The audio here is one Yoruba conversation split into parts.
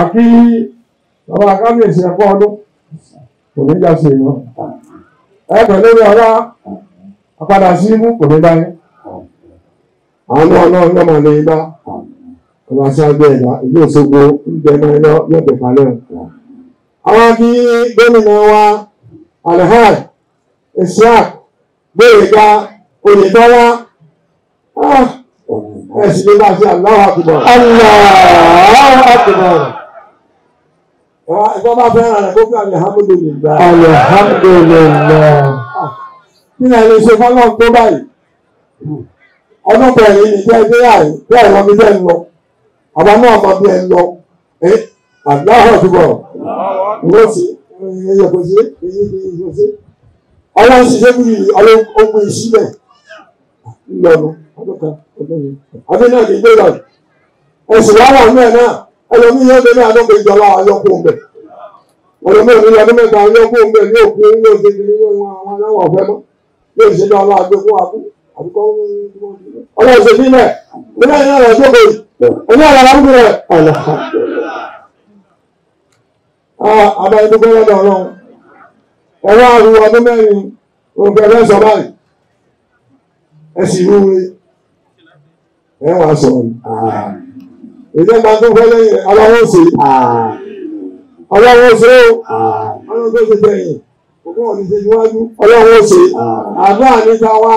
àkí bàbá akábíyèsí ẹ̀kọ́ ọdún kò ní já sí ìran ẹ pẹ̀lú ní ọlá apadà sí ibú kò ní dáyé àánú ọlọ́run lọ́mọ ní ibà ọmọ sí agbẹ́ ẹ̀dá ìlú Òṣogbo ń bẹ náà yóò bẹ̀ kalẹ̀ àwọn akí gómìnà wa alhaj isiaq gbèrèga oyèdọ́lá ah ẹ̀sìn lè máa ṣe Allahu Akbar. Allahu Akbar. Ìjọba fẹ́ràn rẹ̀ gbogbo alhamdulillah. Alhamdulillah. Nínú ẹni ṣe fọ́nà tó báyìí. Ọdún bẹ̀rẹ̀ Ọlọ́run ṣiṣẹ́ bí ọlọ́run ó gbé e sílẹ̀. ọdún kan àbí náà kì í gbé ìlànà oṣù wàhálà náà náà ẹlòmíì yóò dé náà lọ́gbẹ̀ẹ́ ìjọba àyọkù ọ̀gbẹ̀ ẹlòmíì mi lọ́dún mẹ́ta àyọkù ọ̀gbẹ̀ ní òkú ní oṣù tí wọ́n àwọn aláwọ̀ ọ̀fẹ́ mọ́ ní oṣù tí wọ́n àgbẹ̀ fún àbú àbúkọ́ ọlọ́run ṣe bílẹ̀ ilé ìyá rẹ̀ jókòó ilé ìyá rẹ̀ àbúkọ́ rẹ̀ àbá ẹni gbọ́ lọ́dọ̀ ọlọ́run ẹ̀rọ àrùn ọdún mẹ́rin òǹkẹ̀rẹ́ sọ báyìí ẹ̀sìn ìrúwe ẹ wàá sọ̀rọ̀ ìjọ máa tó fẹ́ lẹ́yìn ọlọ́wọ́ sí ọlọ́wọ́ sí ọlọ́wọ́ tó ṣe jẹyìn òkú ọ̀dí ṣe níwájú ọlọ́wọ́ sí àdúrà níta wá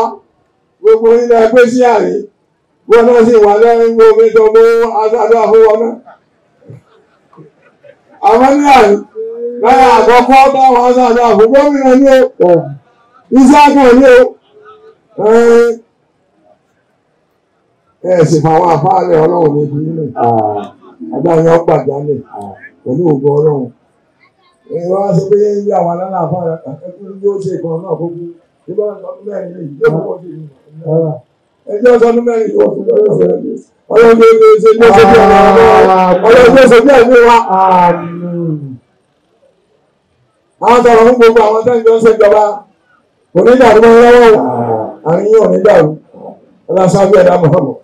gbogbo ilẹ̀ ẹgbẹ́ sí àrí wọn náà sì wà lẹ́yìn gbogbo ìjọ mú àdúrà fún náà. àwọn ní àrí lára àkọ́kọ́ táwọn àdúrà fún gómìnà ní o iṣẹ́ àkànní o ẹ sì fà wọn àfáàlẹ ọlọ́run níbi nílẹ̀ ah. agbára yẹn gbàgbá lẹ pẹ̀lú ògbó ọlọ́run èyí wá sọ pé yẹn ń yá àwọn aláǹlá àfáàlẹ ẹkùn yóò ṣe ìkan náà kó kú ìbá ọdún mẹ́rin lè yíyá wọn ṣe ìkan ẹjọ́ ọdún mẹ́rin ah. yóò fi lọ́wọ́ fẹ́ ọlọ́run ló ṣe ní ọjọ́ bí ah. ọlọ́run ló ṣe bí ẹ̀mí wa. àwọn sọ̀rọ̀ fún gbogbo àwọn tẹ́ǹjọ́ ń ṣèjọba onídàrú lọ́wọ́ àríyìn onídàrú ọlọ́sàbí ẹ̀dá mọ̀ọ́mọ̀.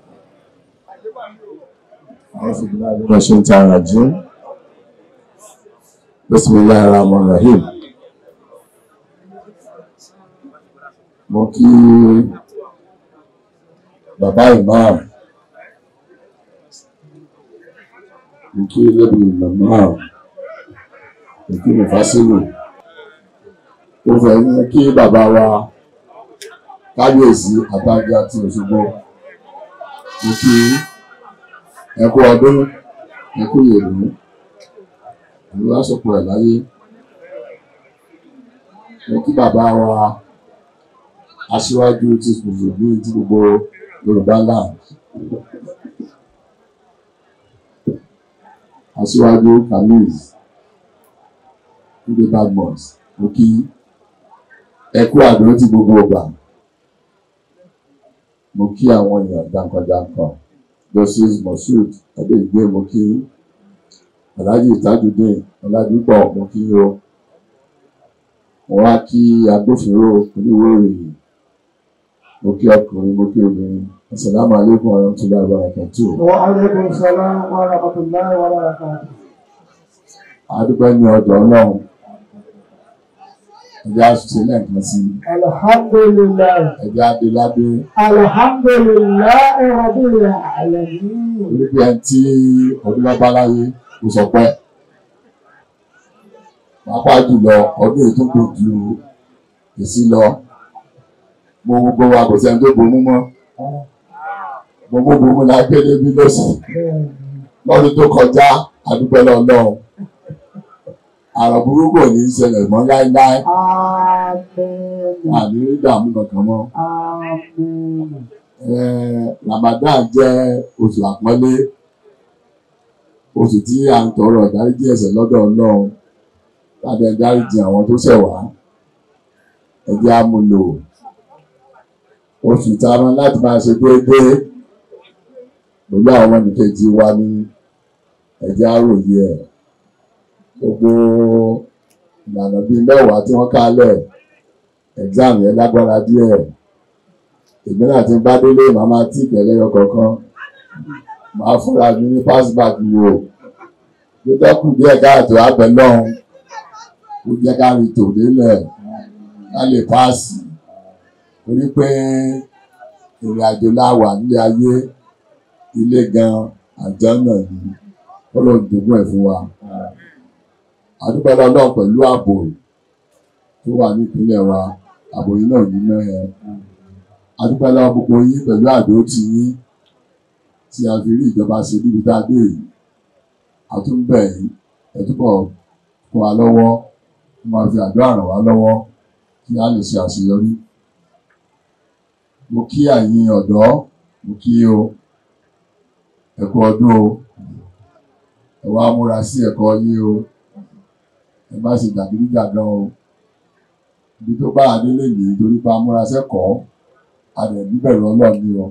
Washington Rajim. Bismillahirrahmanirrahim. Mo kí bàbá imam. Mo kí lẹ́bi imam. Mo kí Mufasilu. Mo fẹ́ ní kí bàbá wa kábíyèsí àtàjà ti Òṣogbo. Mo kí ẹ kú ọdún ẹ kú yèlú ìlú lásìkò ẹ̀ láyé mo kí bàbá wa aṣíwájú ti gbùgbùgbù ti gbogbo Yorùbá land aṣíwájú Kamil Tunde Badmus mo kí ẹ kú àdúró ti gbogbo ọgbà mo kí àwọn èèyàn jàǹkànjàǹkàn justice moshood adéyìnbé mo kí yín alhaji tajudeen ọládúgbò mo kí yín o wọn á kí agbófinró oníwèé ìròyìn mo kí ọkùnrin mo kí obìnrin asalaamu aleykum wa rahmatulahi wa barakatu. wa aleykum salaam wa rahmatulahi wa barakatu. adúgbò ní ọ̀dọ̀ Ọlọ́run ẹ̀jẹ̀ àṣìṣe lẹ́ẹ̀kan sí i. alhamdulilayi. ẹ̀jẹ̀ adéládé. alhamdulilayi rabbil alamin. oríkì ẹ̀ tí ọdún bàbá láyé kò sọ pé pàápàá jùlọ ọdún ètò kò ju èsì lọ mo gbogbo wa kò sẹ́ni tó bomú mọ́ mo gbogbo mu la gbé débi lọ́sùn lọ́dún tó kọjá àdúgbò lọ́lọ́run àrùn burúkú ò ní í ṣẹlẹ̀ mọ́ láíláí. àmì ìdààmú kankan mọ́. Eh, Ramadan jẹ́ oṣù àpọ́nlé oṣù tí a ń tọrọ ìdáríjì ẹ̀ṣẹ̀ lọ́dọ̀ Ọlọ́run láti ìdáríjì àwọn tó ṣẹ̀ wá ẹ jẹ́ á mú lò oṣù tá a mọ̀ láti máa ṣe déédéé pẹ̀lú àwọn ọmọnìkejì wa ní ẹ jẹ́ ẹ̀ gbogbo ìlànà bíi mẹ́wàá tí wọ́n kálẹ̀ exam yẹn lágbára díẹ̀ èmi náà ti ń bá délé màmá tí ìpẹ̀lẹ́ ọkọ̀ọ̀kan màá fúnra mi ní passback wò gbẹdọ́ kù díẹ̀ káàtó àbẹ̀ lọ́hùn ó jẹ́ ká rí tò délẹ̀ ká lè páàsì torí pé ìrìn àjò la wà nílé ayé ilé gan àjọ náà ni ó lọ dùnkún ẹ̀ fún wa adúpẹ́lẹ́ ọlọ́run pẹ̀lú ààbò tó wà ní wa ààbò yìí náà ní mẹ́hẹ adúpẹ́lẹ́ gbogbo yín pẹ̀lú àdó ti yín tí a fi rí ìjọba ṣe níbi tá a dé yìí àtúnbẹ̀ yìí ẹ̀túbọ̀ fún wa lọ́wọ́ wọ́n máa fi àdó àràn wá lọ́wọ́ kí a lè ṣe àṣeyọrí mo kí àyìn ọ̀dọ́ mo kí o ẹ̀kọ́ ọdún o ẹ wá sí ẹ̀kọ́ yín o. ẹ má ṣe o ibi tó bá adélé yìí torí pa amúrasẹ́kọ̀ọ́ adẹ̀ níbẹ̀rù ọlọ́ọ̀ni o.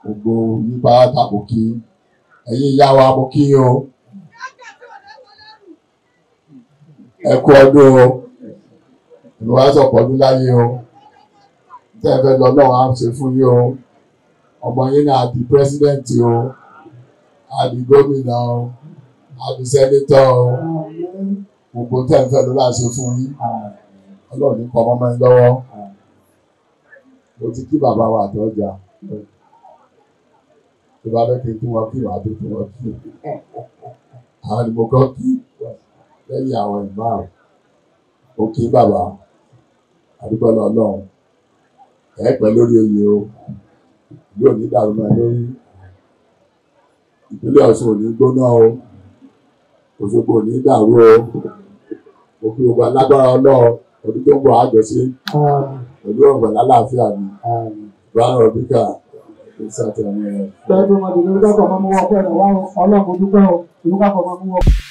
gbogbo nípa àtàkùn kí ìyá wa mo kí o ẹ kú ọdún o ìlú wa sọ̀pọ̀ ọdún láyé o tẹ́ ẹ fẹ́ lọ náà á ṣe fún yín ọmọ yín náà di pírẹ́sídẹ̀ǹtì o a àbísẹ́létọ́ gbogbo tẹ̀ ń fẹ́ ló láṣẹ fún yín ọlọ́run ní kọ́ mọ́mọ́ yín lọ́wọ́ mo ti kí bàbá wa àtọ́jà tó bá fẹ́ kí n tún wọn kí wàá tó tún wọn kí àwọn ni mo kọ́ kí lẹ́yìn àwọn ìmáà ó kí bàbá àdúgbò lọ́lọ́run ẹ̀ pẹ́ lórí oyè o yóò ní dàrú mọ́ lórí ìpínlẹ̀ Ọ̀ṣun ò ní gbóná o. Òṣogbo ò ní dàrú o mo fi gbogbo alágbára ọlọ́run ọdún tó ń bọ̀ àjọṣe pẹ̀lú ọ̀gbà lálàáfíà mi báyọ̀ bíkà ìṣàtẹ̀wé. bẹ́ẹ̀ bí wọn dìde lórí kákọ̀ọ́ máa mú wọ́pẹ́ rẹ̀ wá ojú pẹ́ o ìlú kákọ̀ọ́ máa mú wọ́pẹ́.